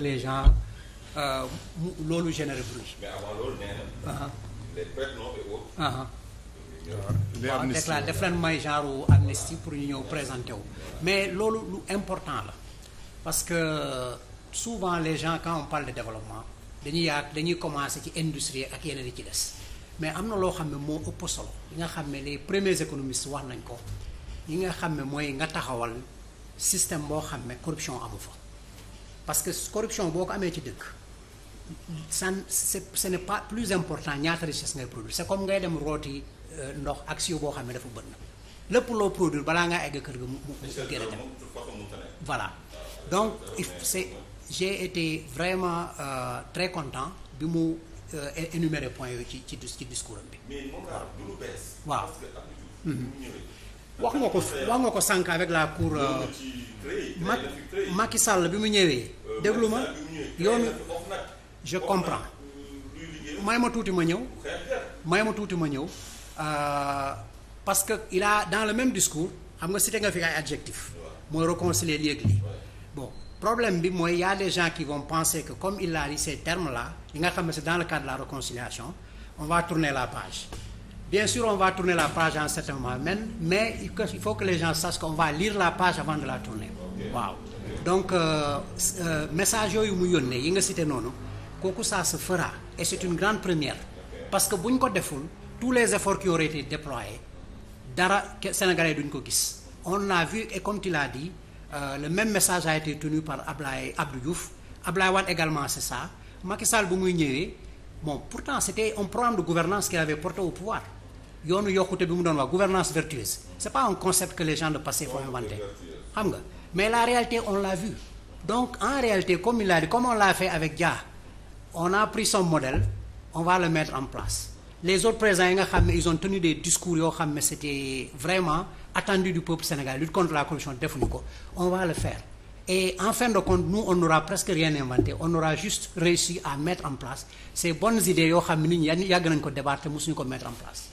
les gens euh, loolu généré mais avant loolu nee na. Uh-huh. les prête-noms et autres. Uh-huh. waaw def ñëw présenter wu mais loolu lu important la parce que souvent les gens quand on parle de développement dañuy yaag dañuy commencer ci industrie ak yeneen yi ci des mais am na loo xam ne moo ëpp solo yi nga xam ne les premiers économistes wax nañ ko yi nga xam ne mooy nga taxawal système boo xam ne corruption amu fa parce que corruption boo ko amee ci dëkk san ce n'est pas plus important ñaata richesse ngay produire c'est comme ngay dem rooti euh, ndox ak siyo boo xam ne dafa bëgg na lépp loo produire balaa ngaa egg kër ga mu gën a dem voilà donc c'est j'ai été vraiment euh, très content bi mu euh, énuméré point yooyu ci ci ci discours am bi waaw mhm. wax nga ko wax nga ko sànq avec la cour Macky Sall bi mu ñëwee. Euh, déglu ma yoonu je comprends. Euh, may ma tuuti ma ñëw. may ma tuuti ma ñëw euh, parce que il a dans le même discours xam nga si cité nga fi ay adjectif mooy réconcilier léegi lii bon problème bi mooy y a des gens qui vont penser que comme il a dit ces termes là li nga xam ne c'est dans le cadre de la réconciliation on va tourner la page. Bien sûr, on va tourner la page en certain moment, même, mais il faut que les gens sachent qu'on va lire la page avant de la tourner. waaw donc euh, euh, message yooyu mu yónnee yi nga cité noonu kooku ça se fera et c'est une grande première parce que bu ñu ko deful tous les efforts qui auraient été déployés dara Sénégalais duñ ko gis on l'a vu et comme tu l'as dit euh, le même message a été tenu par Ablaye Abdou Diouf Ablaye Wade également c'est ça Macky Sall bu muy ñëwee bon pourtant c'était un programme de gouvernance qu'il avait porté au pouvoir yoonu yokkute bi mu doon wax gouvernance vertueuse c'est pas un concept que les gens de passé font inventer xam nga mais la réalité on l'a vu donc en réalité comme il l'a dit comme on l'a fait avec Dia on a pris son modèle on va le mettre en place les autres présidents yi nga xam ne ils ont tenu des discours yoo xam ne c'était vraiment attendu du peuple sénégalais lutte contre la corruption defuñu ko on va le faire et en fin de compte nous on aura juste yoo xam ne nit ñi yàgg nañ ko débattre